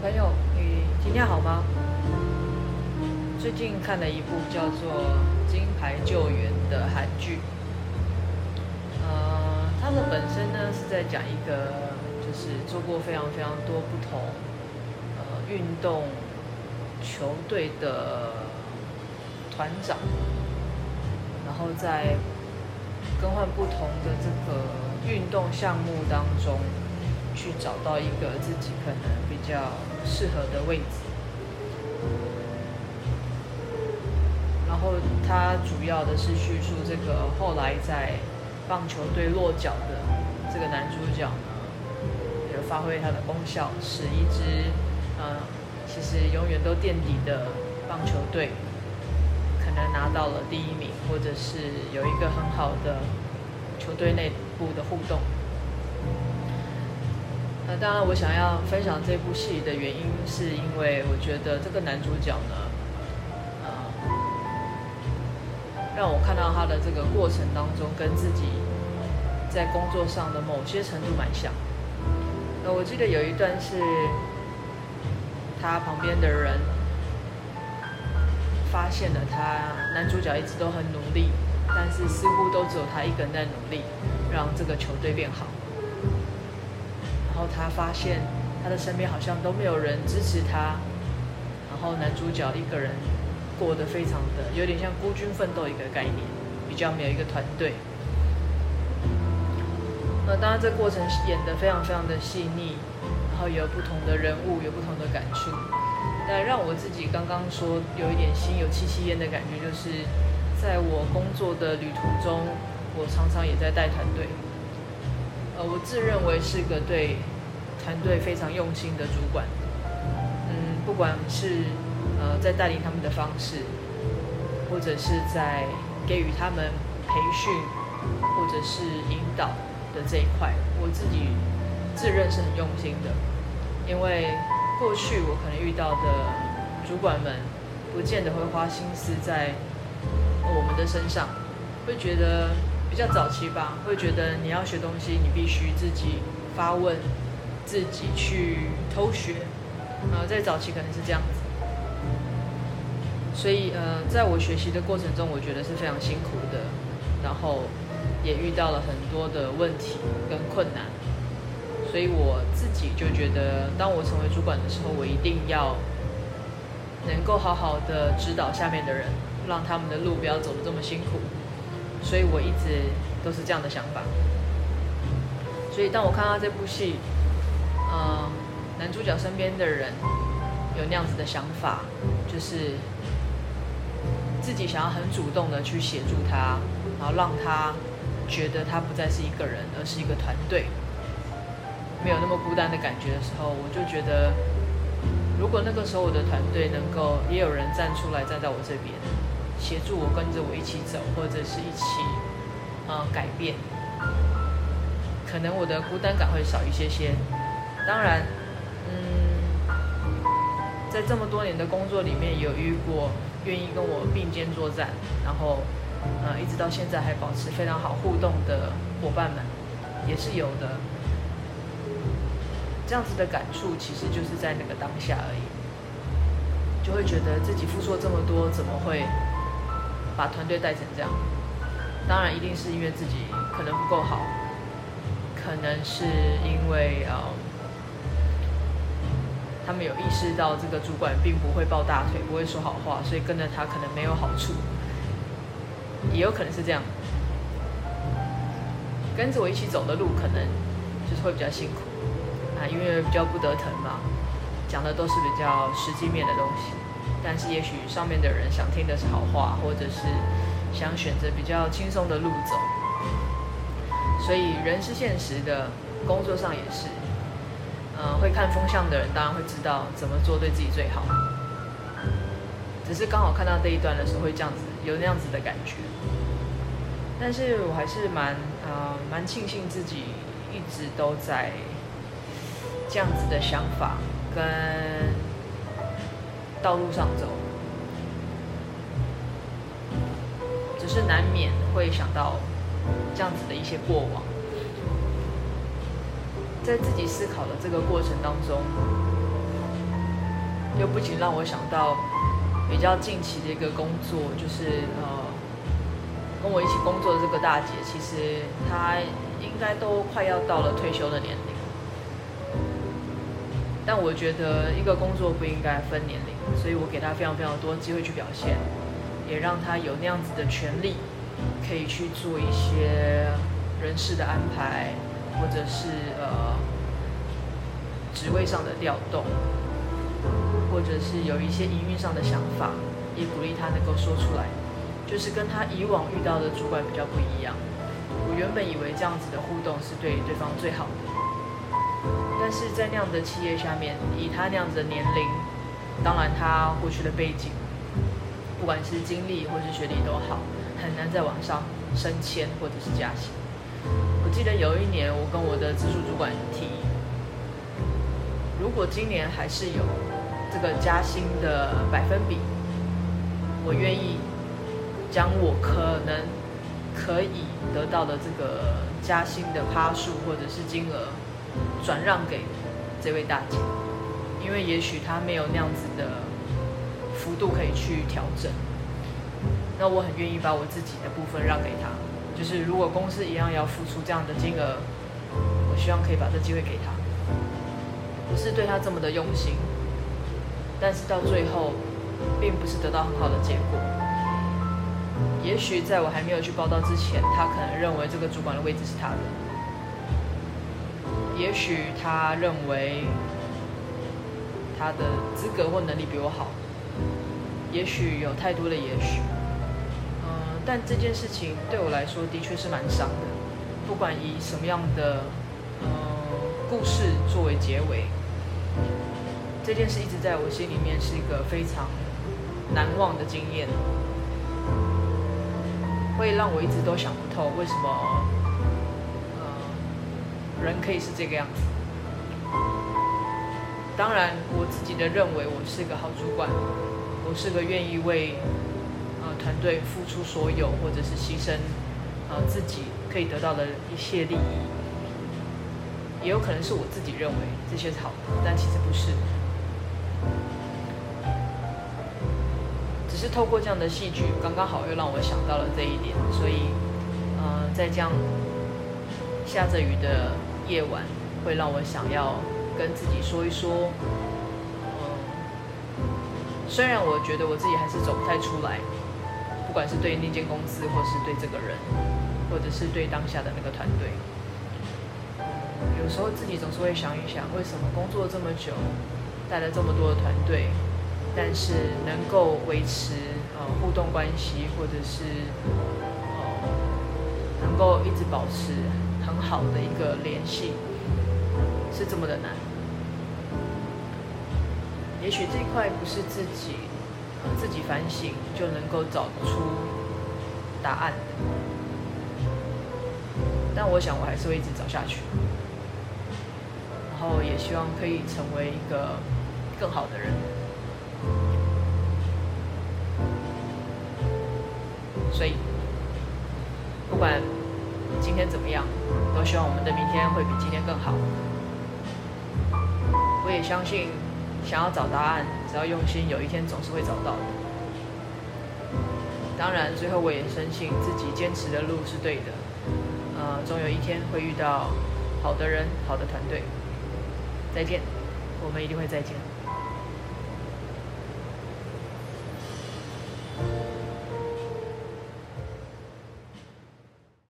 朋友，你今天好嗎？最近看了一部叫做《金牌救援》的韓劇。呃，他們本身呢是在講一個，就是做過非常非常多不同呃運動球隊的團長，然後在更換不同的這個運動項目當中，去找到一個自己可能。比較適合的位置，然後他主要的是敘述這個後來在棒球隊落腳的這個男主角呢，也發揮他的功效，使一支嗯，其實永遠都墊底的棒球隊，可能拿到了第一名，或者是有一個很好的球隊內部的互動。那當然，我想要分享這部戲的原因，是因為我覺得這個男主角呢，呃、嗯，讓我看到他的這個過程當中，跟自己在工作上的某些程度蠻像。那我記得有一段是，他旁邊的人發現了他，男主角一直都很努力，但是似乎都只有他一個人在努力，讓這個球隊變好。然後他發現，他的身邊好像都沒有人支持他。然後男主角一個人過得非常的有點像孤軍奮鬥一個概念，比較沒有一個團隊。那當然這過程演得非常非常的細膩，然後也有不同的人物有不同的感觸。但讓我自己剛剛說有一點心有戚戚焉的感覺，就是在我工作的旅途中，我常常也在帶團隊。呃，我自認為是個對團隊非常用心的主管。嗯，不管是呃在帶領他們的方式，或者是在給予他們培訓，或者是引導的這一塊，我自己自認是很用心的。因為過去我可能遇到的主管們，不見得會花心思在我們的身上，會覺得。比較早期吧，會覺得你要學東西，你必須自己發問，自己去偷學，呃，在早期可能是這樣子。所以，呃，在我學習的過程中，我覺得是非常辛苦的，然後也遇到了很多的問題跟困難。所以我自己就覺得，當我成為主管的時候，我一定要能夠好好的指導下面的人，讓他們的路不要走得這麼辛苦。所以我一直都是這樣的想法。所以當我看到這部戲，嗯，男主角身邊的人有那樣子的想法，就是自己想要很主動的去協助他，然後讓他覺得他不再是一個人，而是一個團隊，沒有那麼孤單的感覺的時候，我就覺得，如果那個時候我的團隊能夠也有人站出來站在我這邊。協助我跟着我一起走，或者是一起，呃，改變，可能我的孤單感會少一些些。當然，嗯，在這麼多年的工作裡面，有遇過願意跟我並肩作戰，然後，呃，一直到現在還保持非常好互動的夥伴們，也是有的。這樣子的感觸其實就是在那個當下而已，就會覺得自己付出這麼多，怎麼會？把團隊帶成這樣，當然一定是因為自己可能不夠好，可能是因為呃，他們有意識到這個主管並不會抱大腿，不會說好話，所以跟着他可能沒有好處，也有可能是這樣。跟着我一起走的路，可能就是會比較辛苦啊，因為比較不得疼嘛，講的都是比較實際面的東西。但是也許上面的人想聽的是好話，或者是想選擇比較輕鬆的路走。所以人是現實的，工作上也是。呃，會看風向的人當然會知道怎麼做對自己最好。只是剛好看到這一段的時候會這樣子，有那樣子的感覺。但是我還是蠻，呃，蠻慶幸自己一直都在這樣子的想法跟。道路上走，只是難免會想到這樣子的一些過往。在自己思考的這個過程當中，又不僅讓我想到比較近期的一個工作，就是呃，跟我一起工作的這個大姐，其實她應該都快要到了退休的年齡。但我覺得一個工作不應該分年齡。所以我給他非常非常多機會去表現，也讓他有那樣子的權利，可以去做一些人事的安排，或者是呃職位上的調動，或者是有一些營運上的想法，也鼓勵他能夠說出來。就是跟他以往遇到的主管比較不一樣。我原本以為這樣子的互動是對對方最好的，但是在那樣的企業下面，以他那樣子的年齡。當然，他過去的背景，不管是經歷或者是學歷都好，很難再往上升遷或者是加薪。我記得有一年，我跟我的直屬主管提，如果今年還是有這個加薪的百分比，我願意將我可能可以得到的這個加薪的趴數或者是金額，轉讓給這位大姐。因為也許他沒有那樣子的幅度可以去調整，那我很願意把我自己的部分讓給他。就是如果公司一樣要付出這樣的金額，我希望可以把這機會給他。不是對他這麼的用心，但是到最後並不是得到很好的結果。也許在我還沒有去報到之前，他可能認為這個主管的位置是他的。也許他認為。他的資格或能力比我好，也許有太多的也許，呃，但這件事情對我來說的確是蠻傷的。不管以什麼樣的，呃，故事作為結尾，這件事一直在我心裡面是一個非常難忘的經驗，會讓我一直都想不透為什麼，呃，人可以是這個樣子。當然，我自己的認為，我是個好主管，我是個願意為呃團隊付出所有，或者是犧牲呃自己可以得到的一些利益，也有可能是我自己認為這些是好的，但其實不是。只是透過這樣的戲劇，剛剛好又讓我想到了這一點，所以，呃，在這樣下着雨的夜晚，會讓我想要。跟自己說一說，嗯，雖然我覺得我自己還是走不太出來，不管是對那間公司，或是對這個人，或者是對當下的那個團隊，有時候自己總是會想一想，為什麼工作這麼久，帶了這麼多的團隊，但是能夠維持呃，嗯，互動關係，或者是，嗯，能夠一直保持很好的一個聯繫，是這麼的難。也許這塊不是自己，自己反省就能夠找出答案的。但我想，我還是會一直找下去。然後也希望可以成為一個更好的人。所以，不管今天怎麼樣，都希望我們的明天會比今天更好。我也相信。想要找答案，只要用心，有一天總是會找到的。當然，最後我也深信自己堅持的路是對的，呃，總有一天會遇到好的人、好的團隊。再見，我們一定會再見。